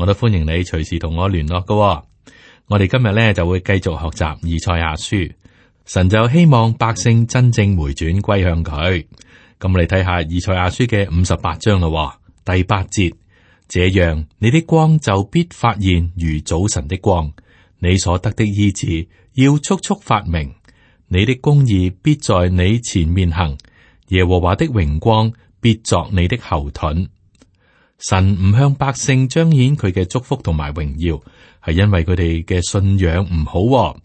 我都歡迎你隨時同我聯絡噶、哦，我哋今日咧就會繼續學習以賽亞書，神就希望百姓真正回轉歸向佢。咁我嚟睇下以賽亞書嘅五十八章啦、哦，第八節，這樣你的光就必發現如早晨的光，你所得的醫治要速速發明，你的公義必在你前面行，耶和華的榮光必作你的後盾。神唔向百姓彰顯佢嘅祝福同埋榮耀，係因為佢哋嘅信仰唔好，哦。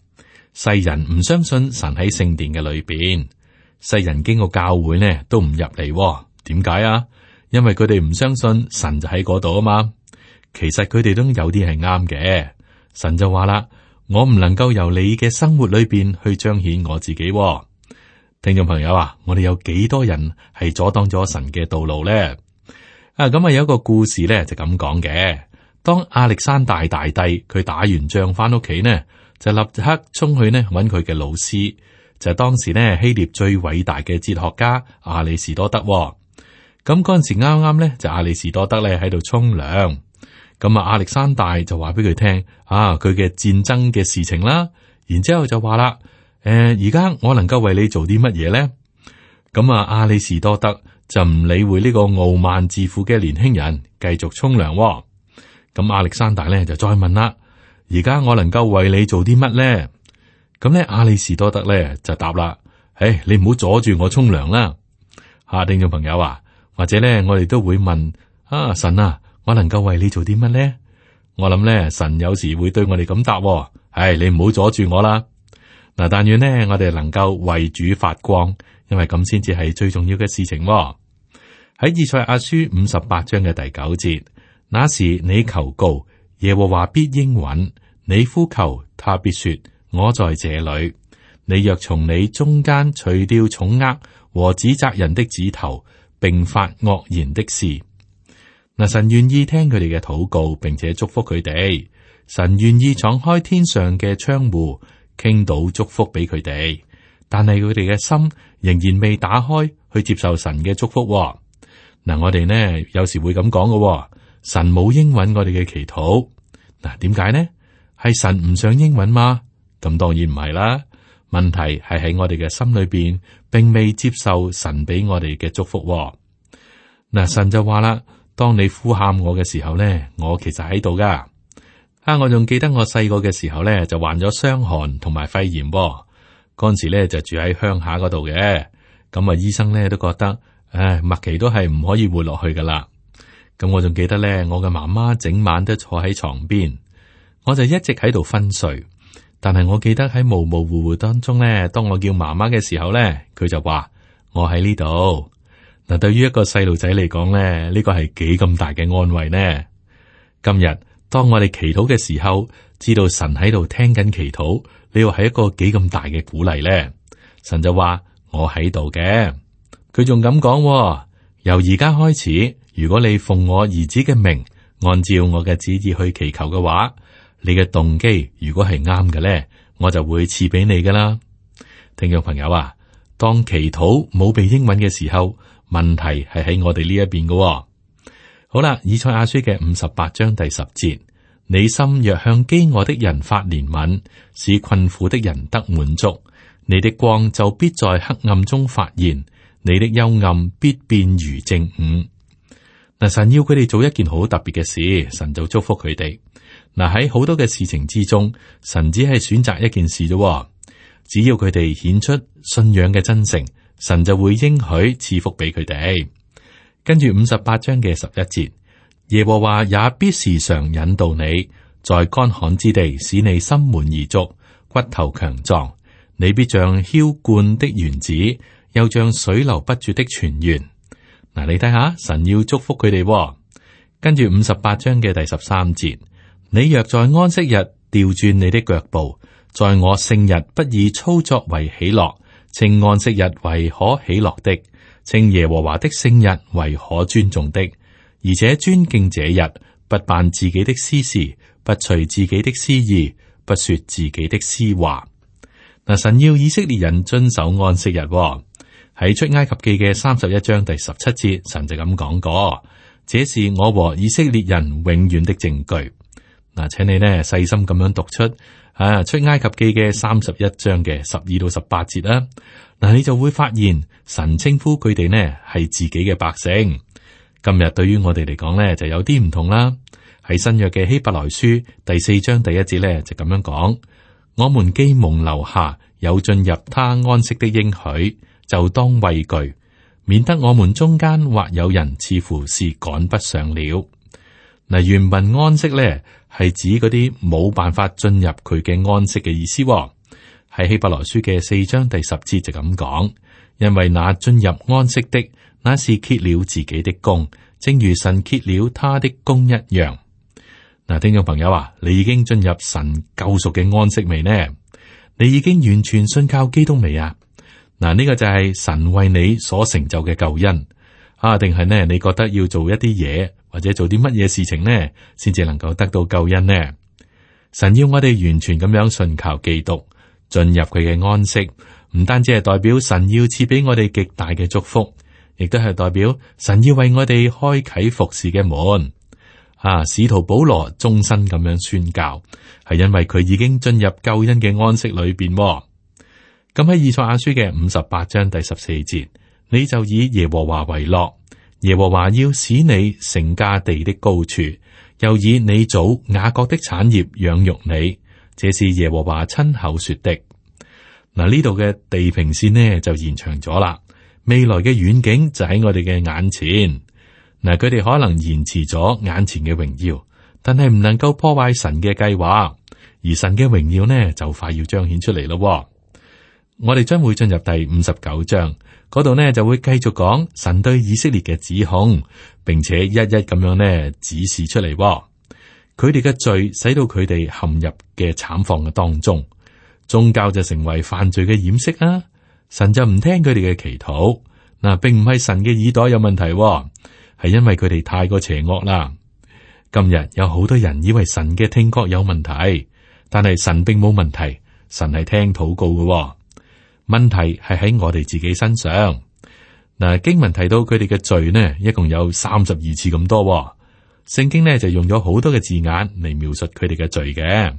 世人唔相信神喺聖殿嘅裏邊，世人經過教會呢都唔入嚟。點解啊？因為佢哋唔相信神就喺嗰度啊嘛。其實佢哋都有啲係啱嘅。神就話啦，我唔能夠由你嘅生活裏邊去彰顯我自己，哦。聽眾朋友啊，我哋有幾多人係阻擋咗神嘅道路咧？Das em pre ens 啊，咁啊有一個故事咧就咁講嘅。當亞歷山大大帝佢打完仗翻屋企呢，就立刻衝去呢揾佢嘅老師，就係、是、當時呢希臘最偉大嘅哲學家亞里士多德、哦。咁嗰陣時啱啱咧就亞里士多德咧喺度沖涼，咁啊亞歷山大就話俾佢聽啊佢嘅戰爭嘅事情啦，然之後就話啦，誒而家我能夠為你做啲乜嘢咧？咁、嗯、啊亞里士多德。就唔理會呢個傲慢自負嘅年輕人繼續、哦，繼續沖涼。咁亞歷山大咧就再問啦：而家我能夠為你做啲乜咧？咁咧，阿里士多德咧就答啦：誒、哎，你唔好阻住我沖涼啦。吓，聽眾朋友啊，或者咧我哋都會問啊，神啊，我能夠為你做啲乜咧？我諗咧，神有時會對我哋咁答，哦：唉、哎，你唔好阻住我啦。嗱，但願呢，我哋能夠為主發光。因為咁先至係最重要嘅事情喎、哦。喺以賽亞書五十八章嘅第九節，那時你求告，耶和華必應允；你呼求，他必說：我在這裏。你若從你中間除掉重軛和指責人的指頭，並發惡言的事，嗱，神願意聽佢哋嘅禱告，並且祝福佢哋。神願意敞開天上嘅窗戶，傾倒祝福俾佢哋。但係佢哋嘅心仍然未打開去接受神嘅祝福，哦。嗱，啊，我哋呢有時會咁講嘅，神冇英文我哋嘅祈禱。嗱，啊，點解呢？係神唔上英文嗎？咁當然唔係啦。問題係喺我哋嘅心裏邊，並未接受神俾我哋嘅祝福，哦。嗱，啊，神就話啦：當你呼喊我嘅時候呢，我其實喺度噶。啊，我仲記得我細個嘅時候呢，就患咗傷寒同埋肺炎，哦。嗰陣時咧就住喺鄉下嗰度嘅，咁啊醫生咧都覺得，唉麥琪都係唔可以活落去噶啦。咁我仲記得咧，我嘅媽媽整晚都坐喺床邊，我就一直喺度昏睡。但係我記得喺模模糊糊當中咧，當我叫媽媽嘅時候咧，佢就話我喺呢度。嗱，對於一個細路仔嚟講咧，呢個係幾咁大嘅安慰呢？今日當我哋祈禱嘅時候，知道神喺度聽緊祈禱，你要係一個幾咁大嘅鼓勵咧？神就話我喺度嘅。佢仲咁講，由而家開始，如果你奉我兒子嘅名，按照我嘅旨意去祈求嘅話，你嘅動機如果係啱嘅咧，我就會賜俾你噶啦。聽眾朋友啊，當祈禱冇被應允嘅時候，問題係喺我哋呢一邊噶哦。好啦，以賽亞書嘅五十八章第十節。你心若向飢餓的人發憐憫，使困苦的人得滿足，你的光就必在黑暗中發現，你的幽暗必變如正午。嗱，神要佢哋做一件好特別嘅事，神就祝福佢哋。嗱，喺好多嘅事情之中，神只係選擇一件事啫，只要佢哋顯出信仰嘅真誠，神就會應許賜福俾佢哋。跟住五十八章嘅十一節。耶和華也必時常引導你，在乾旱之地使你心滿意足，骨頭強壯。你必像澆灌的園子，又像水流不絕的泉源。嗱，你睇下，神要祝福佢哋。跟住五十八章嘅第十三節，你若在安息日調轉你的腳步，在我聖日不以操作為喜樂，稱安息日為可喜樂的，稱耶和華的聖日為可尊重的。而且尊敬這日，不辦自己的私事，不隨自己的私意，不說自己的私話。嗱，神要以色列人遵守安息日喎。喺出埃及記嘅三十一章第十七節，神就咁講過：這是我和以色列人永遠的證據。嗱，請你呢細心咁樣讀出啊，出埃及記嘅三十一章嘅十二到十八節啦。嗱，你就會發現神稱呼佢哋呢係自己嘅百姓。今日對於我哋嚟講呢，就有啲唔同啦。喺新約嘅希伯來書第四章第一節呢，就咁樣講：我們既蒙留下有進入他安息的應許，就當畏懼，免得我們中間或有人似乎是趕不上了。嗱，原文安息呢，係指嗰啲冇辦法進入佢嘅安息嘅意思哦。喺希伯來書嘅四章第十節就咁講，因為那進入安息的。那是揭了自己的功，正如神揭了他的功一樣。嗱，聽眾朋友啊，你已經進入神救贖嘅安息未呢？你已經完全信靠基督未啊？嗱，呢個就係神為你所成就嘅救恩啊，定係呢？你覺得要做一啲嘢，或者做啲乜嘢事情呢，先至能夠得到救恩呢？神要我哋完全咁樣信靠基督，進入佢嘅安息，唔單止係代表神要賜俾我哋極大嘅祝福。亦都係代表神要為我哋開啟服侍嘅門，啊！使徒保羅終身咁樣宣教，係因為佢已經進入救恩嘅安息裏邊。咁喺以賽亞書嘅五十八章第十四節，你就以耶和華為樂，耶和華要使你成家地的高處，又以你祖雅各的產業養育你，這是耶和華親口說的。嗱、啊，呢度嘅地平線呢就延長咗啦。未來嘅遠景就喺我哋嘅眼前，嗱，佢哋可能延遲咗眼前嘅榮耀，但係唔能夠破壞神嘅計劃，而神嘅榮耀呢就快要彰顯出嚟咯。我哋將會進入第五十九章嗰度呢，就會繼續講神對以色列嘅指控，並且一一咁樣呢指示出嚟。佢哋嘅罪使到佢哋陷入嘅慘況嘅當中，宗教就成為犯罪嘅掩飾啊！神就唔聽佢哋嘅祈禱，嗱，並唔係神嘅耳朵有問題，係因為佢哋太過邪惡啦。今日有好多人以為神嘅聽覺有問題，但係神並冇問題，神係聽禱告嘅。問題係喺我哋自己身上。嗱，經文提到佢哋嘅罪呢，一共有三十二次咁多。聖經呢就用咗好多嘅字眼嚟描述佢哋嘅罪嘅，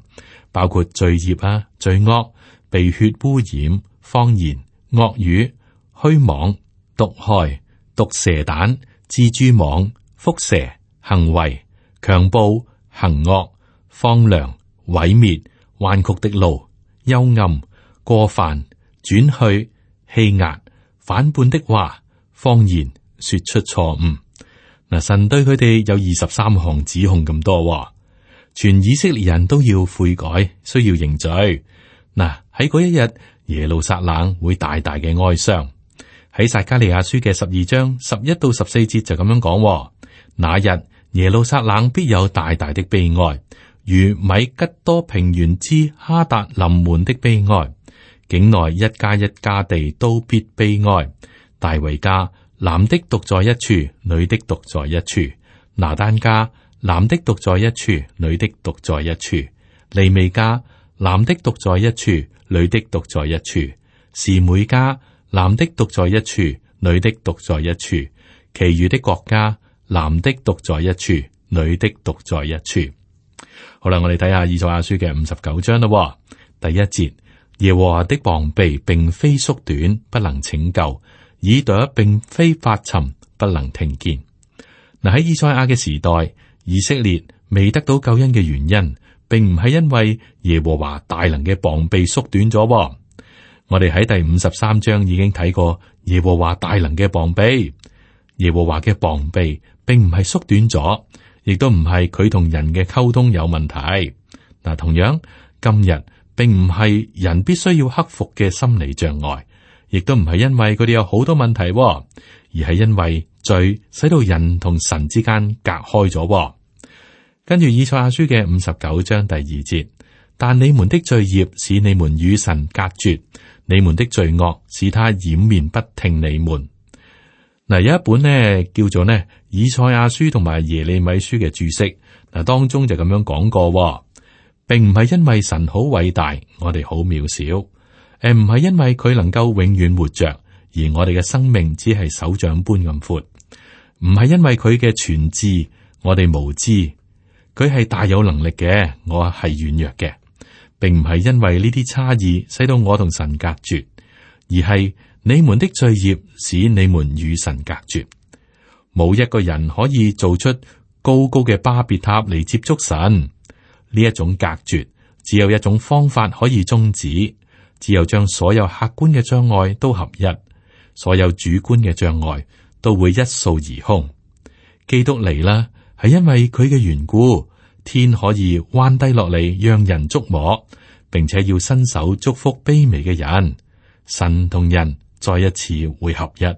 包括罪孽啊、罪惡、被血污染、謊言。惡語、虛妄、毒害、毒蛇蛋、蜘蛛網、輻射行為、強暴、行惡、荒涼、毀滅、彎曲的路、幽暗、過犯、轉去、欺壓、反叛的話、謊言、說出錯誤。嗱，神對佢哋有二十三項指控咁多，全以色列人都要悔改，需要認罪。嗱，喺嗰一日。耶路撒冷會大大嘅哀傷，喺撒加利亞書嘅十二章十一到十四節就咁樣講，哦，那日耶路撒冷必有大大的悲哀，如米吉多平原之哈達臨門的悲哀。境內一家一家地都必悲哀。大衛家男的獨在一處，女的獨在一處；拿單家，男的獨在一處，女的獨在一處；利未家，男的獨在一處。女的獨在一處，示每家；男的獨在一處，女的獨在一處；其餘的國家，男的獨在一處，女的獨在一處。好啦，我哋睇下以賽亞書嘅五十九章啦，第一節： 耶和華的膀臂並非縮短，不能拯救；耳朵並非發沉，不能聽見。嗱、嗯、喺以賽亞嘅時代，以色列未得到救恩嘅原因。並唔係因為耶和華大能嘅膀臂縮短咗，我哋喺第五十三章已經睇過耶和華大能嘅膀臂。耶和華嘅膀臂並唔係縮短咗，亦都唔係佢同人嘅溝通有問題。嗱，同樣今日並唔係人必須要克服嘅心理障礙，亦都唔係因為佢哋有好多問題，而係因為罪使到人同神之間隔開咗。跟住以賽亞書嘅五十九章第二節，但你們的罪孽使你們與神隔絕，你們的罪惡使他掩面不聽你們。嗱，有一本咧叫做咧以賽亞書同埋耶利米書嘅注釋嗱，當中就咁樣講過，哦，並唔係因為神好偉大，我哋好渺小，誒，唔係因為佢能夠永遠活着，而我哋嘅生命只係手掌般咁闊，唔係因為佢嘅全智，我哋無知。佢係大有能力嘅，我係軟弱嘅，並唔係因為呢啲差異使到我同神隔絕，而係你們的罪孽使你們與神隔絕。冇一個人可以做出高高嘅巴別塔嚟，接觸神。呢一種隔絕，只有一種方法可以終止，只有將所有客觀嘅障礙都合一，所有主觀嘅障礙都會一掃而空。基督嚟啦！係因為佢嘅緣故，天可以彎低落嚟，讓人觸摸，並且要伸手祝福卑微嘅人。神同人再一次會合一嗱。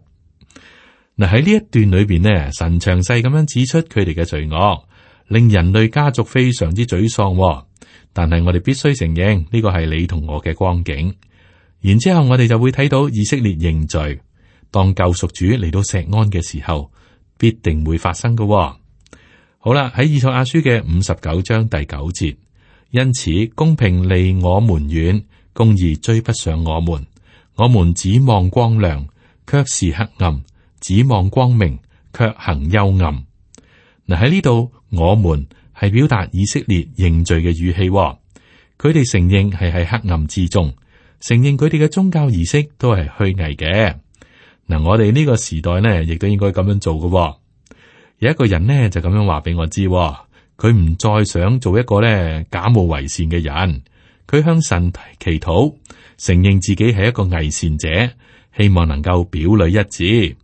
喺呢一段裏邊咧，神詳細咁樣指出佢哋嘅罪惡，令人類家族非常之沮喪、哦。但係我哋必須承認呢個係你同我嘅光景。然之後我哋就會睇到以色列認罪。當救贖主嚟到錫安嘅時候，必定會發生噶、哦。好啦，喺以賽亞書嘅五十九章第九節，因此公平離我們遠，公義追不上我們。我們指望光亮，卻是黑暗；指望光明，卻行幽暗。嗱，喺呢度，我們係表達以色列認罪嘅語氣、哦，佢哋承認係喺黑暗之中，承認佢哋嘅宗教儀式都係虛偽嘅。嗱，我哋呢個時代呢，亦都應該咁樣做嘅、哦。有一個人呢就咁樣話俾我知，佢唔再想做一個呢假冒為善嘅人，佢向神祈禱，承認自己係一個偽善者，希望能夠表裏一致。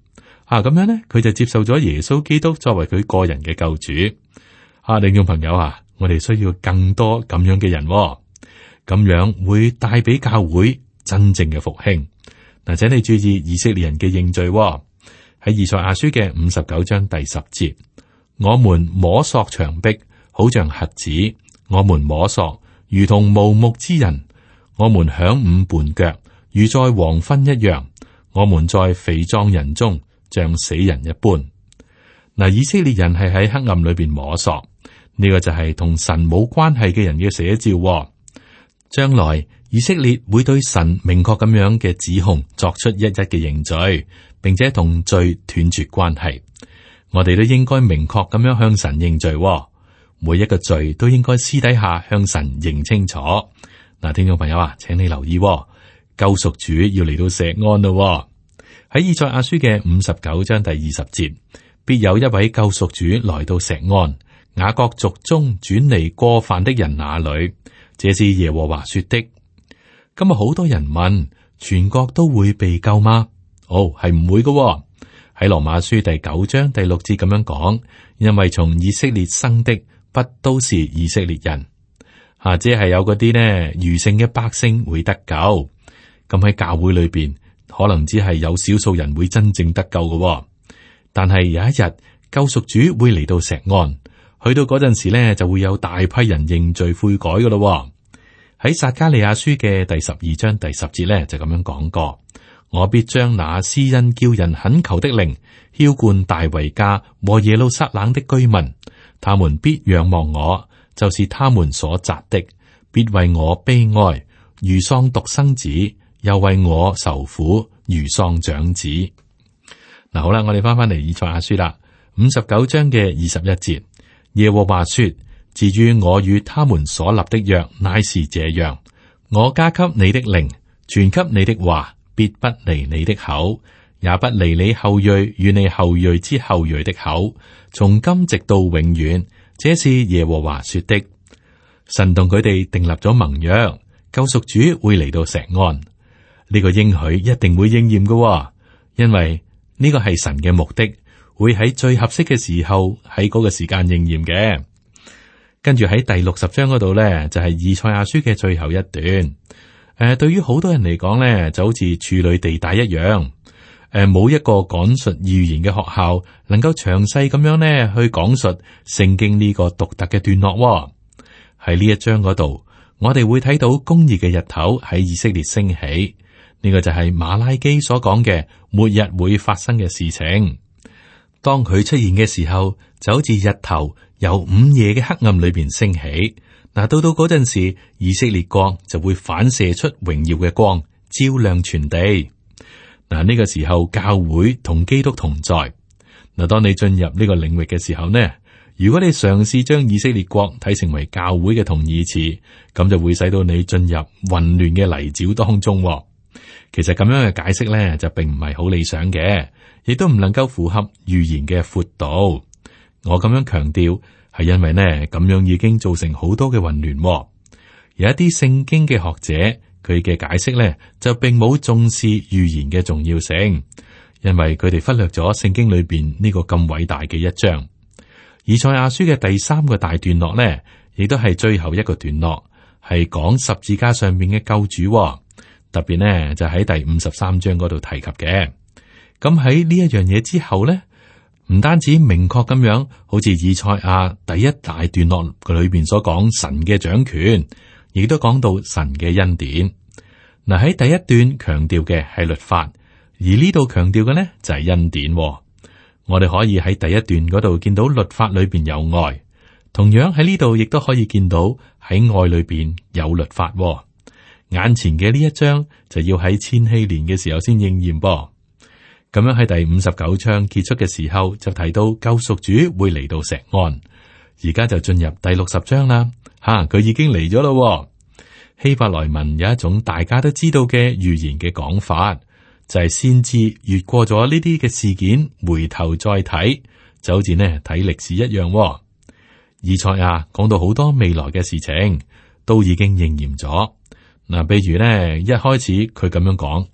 啊，咁樣呢，佢就接受咗耶穌基督作為佢個人嘅救主。啊，聽眾朋友啊，我哋需要更多咁樣嘅人、哦，咁樣會帶俾教會真正嘅復興。嗱，請你注意以色列人嘅認罪、哦。喺以賽亞書嘅五十九章第十節，我們摸索牆壁，好像瞎子；我們摸索，如同無目之人；我們響午絆腳，如在黃昏一樣；我們在肥壯人中，像死人一般。嗱，以色列人係喺黑暗裏邊摸索，呢、這個就係同神冇關係嘅人嘅寫照。將來以色列會對神明確咁樣嘅指控作出一一嘅認罪。並且同罪斷絕關係，我哋都應該明確咁樣向神認罪、哦。每一個罪都應該私底下向神認清楚。嗱，聽眾朋友啊，請你留意、哦，救贖主要嚟到錫安咯、哦。喺以賽亞書嘅五十九章第二十節，必有一位救贖主來到錫安雅各族中轉離過犯的人那裏。這是耶和華說的。今日好多人問，全國都會被救嗎？Oh，哦，係唔會嘅喎。喺羅馬書第九章第六節咁樣講，因為從以色列生的不都是以色列人，吓、啊，即係有嗰啲呢餘剩嘅百姓會得救。咁喺教會裏邊，可能只係有少數人會真正得救嘅、哦。但係有一日救贖主會嚟到錫安，去到嗰陣時呢，就會有大批人認罪悔改嘅咯。喺撒迦利亞書嘅第十二章第十節呢，就咁樣講過。我必將那施恩叫人懇求的靈澆灌大衛家和耶路撒冷的居民，他們必仰望我，就是他們所扎的。必為我悲哀，如喪獨生子；又為我愁苦，如喪長子。嗱、嗯，好啦，我哋翻翻嚟以賽亞書啦，五十九章嘅二十一節。 耶和華說：至於我與他們所立的約，乃是這樣，我加給你的靈，傳給你的話。必不離你的口，也不離你後裔與你後裔之後裔的口，從今直到永遠。這是耶和華說的。神同佢哋訂立咗盟約，救贖主會嚟到錫安。呢、這個應許一定會應驗嘅、哦，因為呢個係神嘅目的，會喺最合適嘅時候喺嗰個時間應驗嘅。跟住喺第六十章嗰度呢，就係、是、以賽亞書嘅最後一段。誒、呃，對於好多人嚟講咧，就好似處女地帶一樣，誒、呃，冇一個講述預言嘅學校能夠詳細咁樣咧去講述聖經呢個獨特嘅段落、哦。喺呢一章嗰度，我哋會睇到公義嘅日頭喺以色列升起，呢、這個就係馬拉基所講嘅末日會發生嘅事情。當佢出現嘅時候，就好似日頭由午夜嘅黑暗裏邊升起。嗱，到到嗰陣時，以色列國就會反射出榮耀嘅光，照亮全地。嗱，呢個時候教會同基督同在。嗱，當你進入呢個領域嘅時候呢，如果你嘗試將以色列國睇成為教會嘅同義詞，咁就會使到你進入混亂嘅泥沼當中。其實咁樣嘅解釋咧，就並唔係好理想嘅，亦都唔能夠符合預言嘅闊度。我咁樣強調。係因為呢，咁樣已經造成好多嘅混亂。有一啲聖經嘅學者，佢嘅解釋呢，就並冇重視預言嘅重要性，因為佢哋忽略咗聖經裏邊呢個咁偉大嘅一章。而賽亞書嘅第三個大段落呢，亦都係最後一個段落，係講十字架上面嘅救主，特別呢，就喺第五十三章嗰度提及嘅。咁喺呢一樣嘢之後呢。唔單止明確咁樣，好似以賽亞第一大段落嘅裏邊所講神嘅掌權，亦都講到神嘅恩典。嗱，喺第一段強調嘅係律法，而呢度強調嘅呢就係恩典。我哋可以喺第一段嗰度見到律法裏邊有愛，同樣喺呢度亦都可以見到喺愛裏邊有律法。眼前嘅呢一章就要喺千禧年嘅時候先應驗噃。咁樣喺第五十九章結束嘅時候就提到救贖主會嚟到錫安，而家就進入第六十章啦。吓、啊，佢已經嚟咗咯。希伯來文有一種大家都知道嘅預言嘅講法，就係、是、先知越過咗呢啲嘅事件，回頭再睇，就好似呢睇歷史一樣。以賽亞講到好多未來嘅事情都已經應驗咗嗱，譬、啊、如呢一開始佢咁樣講，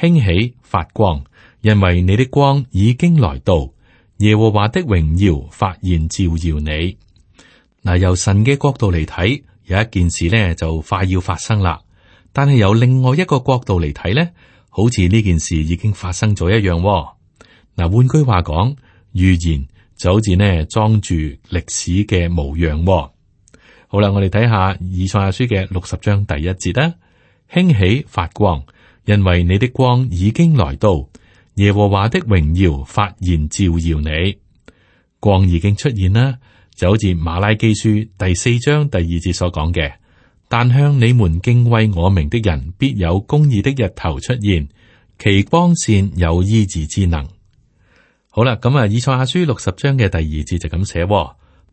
興起發光。因為你的光已經來到，耶和華的榮耀發現照耀你。嗱，由神嘅角度嚟睇，有一件事呢就快要發生啦。但係由另外一個角度嚟睇呢，好似呢件事已經發生咗一樣喎。嗱，換句話講，預言就好似呢裝住歷史嘅模樣喎。好啦，我哋睇下以創亞書以賽亞書嘅六十章第一節啦，興起發光，因為你的光已經來到。耶和華的榮耀發現照耀你，光已經出現啦，就好似馬拉基書第四章第二節所講嘅，但向你們敬畏我名的人，必有公義的日頭出現，其光線有醫治之能。好啦，咁啊，以賽亞書六十章嘅第二節就咁寫，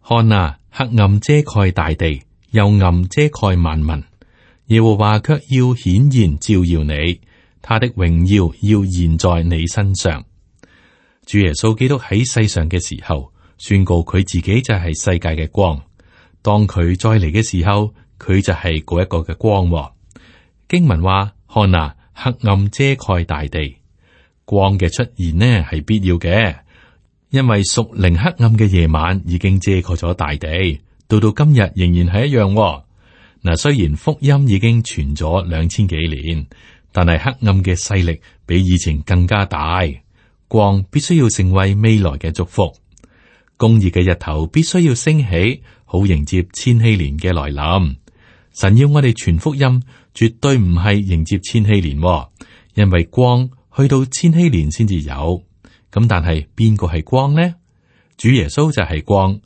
看啊，黑暗遮蓋大地，又暗遮蓋萬民，耶和華卻要顯現照耀你。他的榮耀要現在你身上。主耶穌基督喺世上嘅時候，宣告佢自己就係世界嘅光。當佢再嚟嘅時候，佢就係嗰一個嘅光、哦。經文話：看哪，黑暗遮蓋大地，光嘅出現呢係必要嘅，因為屬靈黑暗嘅夜晚已經遮蓋咗大地，到到今日仍然係一樣、哦。嗱，雖然福音已經傳咗兩千幾年。但係黑暗嘅勢力比以前更加大，光必須要成為未來嘅祝福，公義嘅日頭必須要升起，好迎接千禧年嘅來臨。神要我哋傳福音，絕對唔係迎接千禧年、哦，因為光去到千禧年先至有。咁但係邊個係光呢？主耶穌就係光，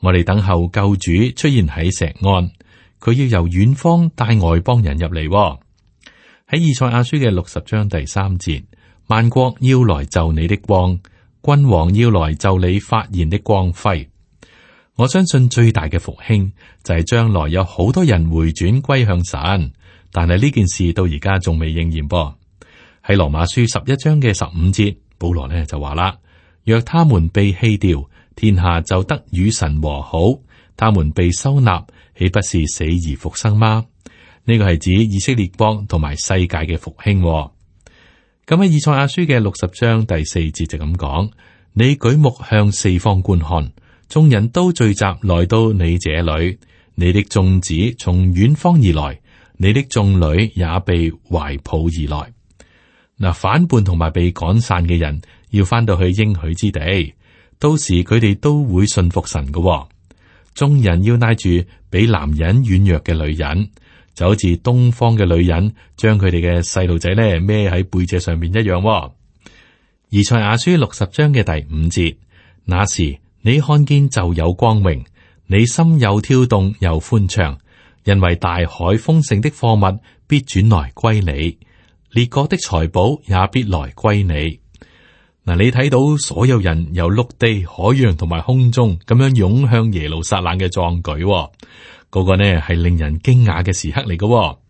我哋等候救主出現喺石岸，佢要由遠方帶外邦人入嚟、哦。喺以賽亞書嘅六十章第三節，萬國要來就你的光，君王要來就你發現的光輝。我相信最大嘅復興就係將來有好多人回轉歸向神，但係呢件事到而家仲未應驗。喺羅馬書十一章嘅十五節，保羅呢就話啦：若他們被棄掉，天下就得與神和好；他們被收納，豈不是死而復生嗎？呢個係指以色列邦同埋世界嘅復興、哦。咁喺以賽亞書嘅六十章第四節就咁講：， 你舉目向四方觀看，眾人都聚集來到你這裡，你的眾子從遠方而來，你的眾女也被懷抱而來。嗱，反叛同埋被趕散嘅人要翻到去應許之地，到時佢哋都會信服神㗎、哦。眾人要拉住比男人軟弱嘅女人。就好似東方嘅女人將佢哋嘅細路仔呢孭喺背脊上面一樣、哦。而賽亞書六十章嘅第五節，那時你看見就有光明，你心又跳動又寬暢，因為大海豐盛的貨物必轉來歸你，列國的財寶也必來歸你。嗱，你睇到所有人由陸地、海洋同埋空中咁樣湧向耶路撒冷嘅壯舉、哦。個個呢係令人驚訝嘅時刻嚟嘅、哦，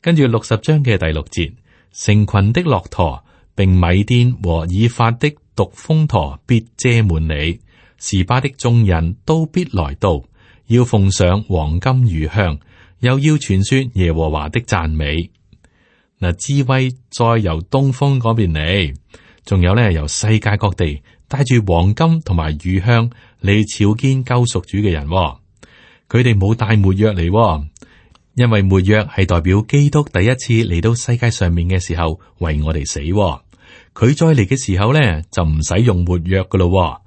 跟住六十章嘅第六節，成群的駱駝並米甸和以法的獨峰駝必遮滿你，示巴的眾人都必來到，要奉上黃金乳香，又要傳說耶和華的讚美。嗱，智慧再由東方嗰邊嚟，仲有呢由世界各地帶住黃金同埋乳香嚟朝見救贖主嘅人、哦。佢哋冇帶沒藥嚟，因為沒藥係代表基督第一次嚟到世界上面嘅時候為我哋死。佢再嚟嘅時候咧就唔使用沒藥噶咯。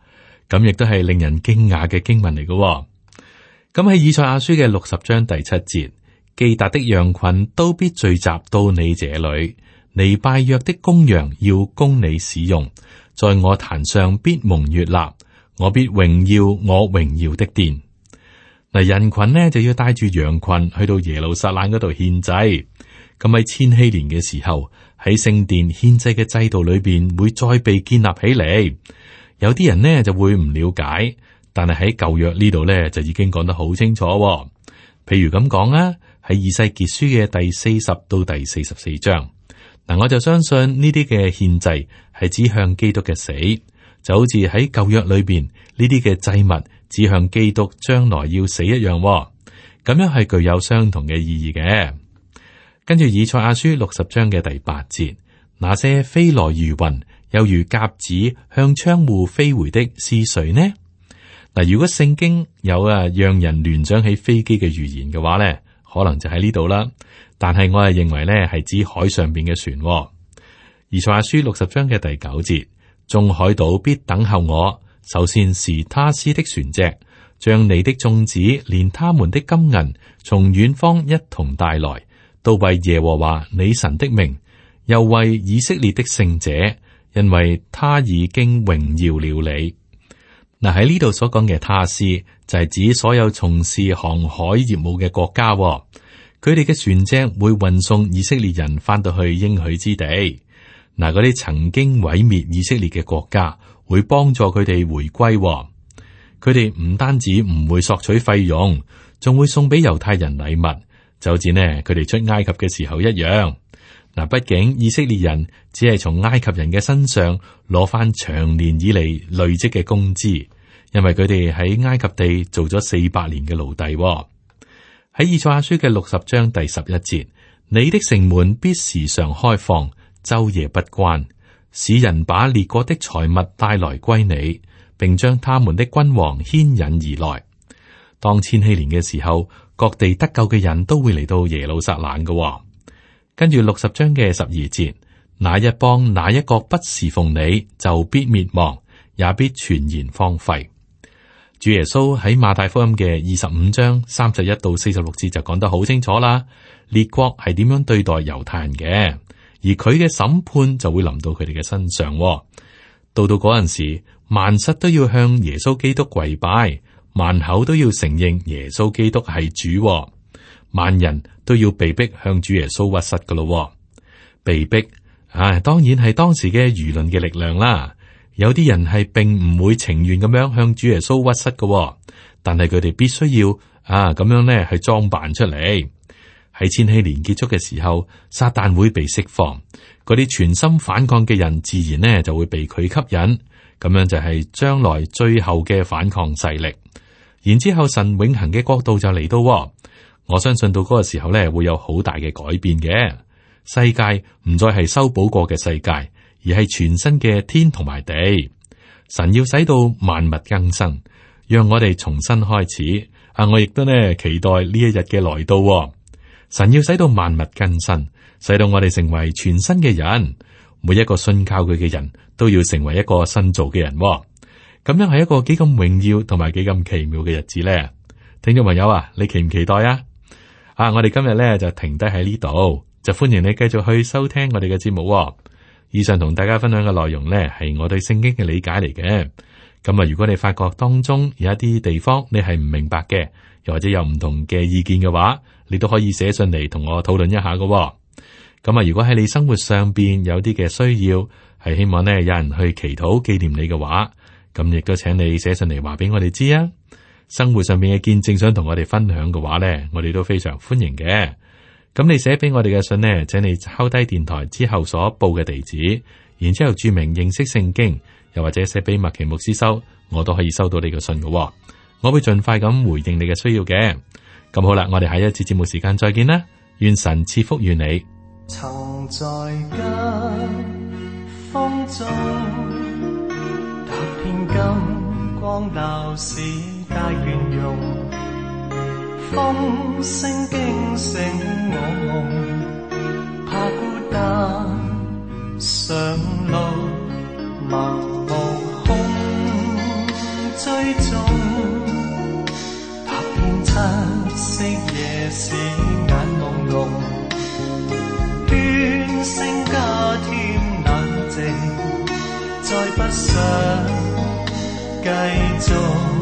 咁亦都係令人驚訝嘅經文嚟噶。咁喺以賽亞書嘅六十章第七節，基達的羊群都必聚集到你這裏，尼拜約的公羊要供你使用，在我壇上必蒙悅納，我必榮耀我榮耀的殿。嗱，人群呢就要帶住羊群去到耶路撒冷嗰度獻祭，咁喺千禧年嘅時候喺聖殿獻祭嘅制度裏邊會再被建立起嚟。有啲人呢就會唔了解，但係喺舊約呢度呢就已經講得好清楚哦。譬如咁講啦，喺《以西結書》嘅第四十到第四十四章，嗱我就相信呢啲嘅獻祭係指向基督嘅死，就好似喺舊約裏邊呢啲嘅祭物。指向基督將來要死一樣，哦，咁樣係具有相同嘅意義嘅。跟住以賽亞書六十章嘅第八節，那些飛來如雲，又如鴿子向窗戶飛回的是誰呢？嗱，如果聖經有啊讓人聯想起飛機嘅預言嘅話呢，可能就喺呢度啦。但係我係認為呢，係指海上邊嘅船、哦。以賽亞書六十章嘅第九節，眾海島必等候我。首先是他施的船隻，將你的眾子連他們的金銀從遠方一同帶來，都為耶和華你神的名，又為以色列的聖者，因為他已經榮耀了你。嗱，喺呢度所講嘅他施就係、是，指所有從事航海業務嘅國家、哦，佢哋嘅船隻會運送以色列人翻到去應許之地。嗱，嗰啲曾經毀滅以色列嘅國家。會幫助佢哋回歸、哦，佢哋唔單止唔會索取費用，仲會送俾猶太人禮物，就好似呢佢哋出埃及嘅時候一樣。嗱、啊，畢竟以色列人只係從埃及人嘅身上攞翻長年以嚟累積嘅工資，因為佢哋喺埃及地做咗四百年嘅奴隸、哦。喺以賽亞書嘅六十章第十一節，你的城門必時常開放，晝夜不關。使人把列國的財物帶來歸你，並將他們的君王牽引而來。當千禧年嘅時候，各地得救嘅人都會嚟到耶路撒冷嘅。跟住六十章嘅十二節，哪一邦、哪一國，不侍奉你，就必滅亡，也必全然荒廢。主耶穌喺馬太福音嘅二十五章三十一到四十六節就講得好清楚啦。列國係點樣對待猶太人嘅？而佢嘅審判就會臨到佢哋嘅身上。哦，到到嗰陣時，萬膝都要向耶穌基督跪拜，萬口都要承認耶穌基督係主。哦，萬人都要被逼向主耶穌屈膝噶咯，被逼唉、啊，當然係當時嘅輿論嘅力量啦。有啲人係並唔會情願咁樣向主耶穌屈膝噶。哦，但係佢哋必須要啊咁樣咧係裝扮出嚟。喺千禧年結束嘅時候，撒旦會被釋放，嗰啲全心反抗嘅人自然呢就會被佢吸引，咁樣就係將來最後嘅反抗勢力。然之後神永恆嘅國度就嚟到喎，我相信到嗰個時候呢，會有好大嘅改變嘅。世界，唔再係修補過嘅世界，而係全新嘅天同埋地。神要使到萬物更新，讓我哋重新開始。啊，我亦都呢期待呢一日嘅來到喎。神要使到萬物更新，使到我哋成為全新嘅人。每一個信靠佢嘅人都要成為一個新造嘅人。咁樣係一個幾咁榮耀同埋幾咁奇妙嘅日子呢。聽眾朋友啊，你期唔期待啊？啊，我哋今日咧就停低喺呢度，就歡迎你繼續去收聽我哋嘅節目哦。以上同大家分享嘅內容呢，係我對聖經嘅理解嚟嘅。咁啊，如果你發覺當中有一啲地方你係唔明白嘅，又或者有唔同嘅意見嘅話，你都可以寫信嚟，同我討論一下嘅。咁啊，如果喺你生活上邊有啲嘅需要，係希望呢有人去祈禱紀念你嘅話，咁亦都請你寫信嚟話俾我哋知啊。生活上面嘅見證想同我哋分享嘅話呢，我哋都非常歡迎嘅。咁你寫俾我哋嘅信呢，請你抄低電台之後所報嘅地址，然之後注明認識聖經。又或者寫俾麥其牧師收，我都可以收到你嘅信嘅，哦。我會盡快咁回應你嘅需要嘅。咁好啦，我哋下一次節目時間再見啦。願神賜福於你。曾在今風中踏遍金光道市帶倦容，風聲驚醒我夢，怕孤單上路。盲目空追蹤，踏遍七色夜市眼朦朧，喧聲加添冷靜，再不想繼續。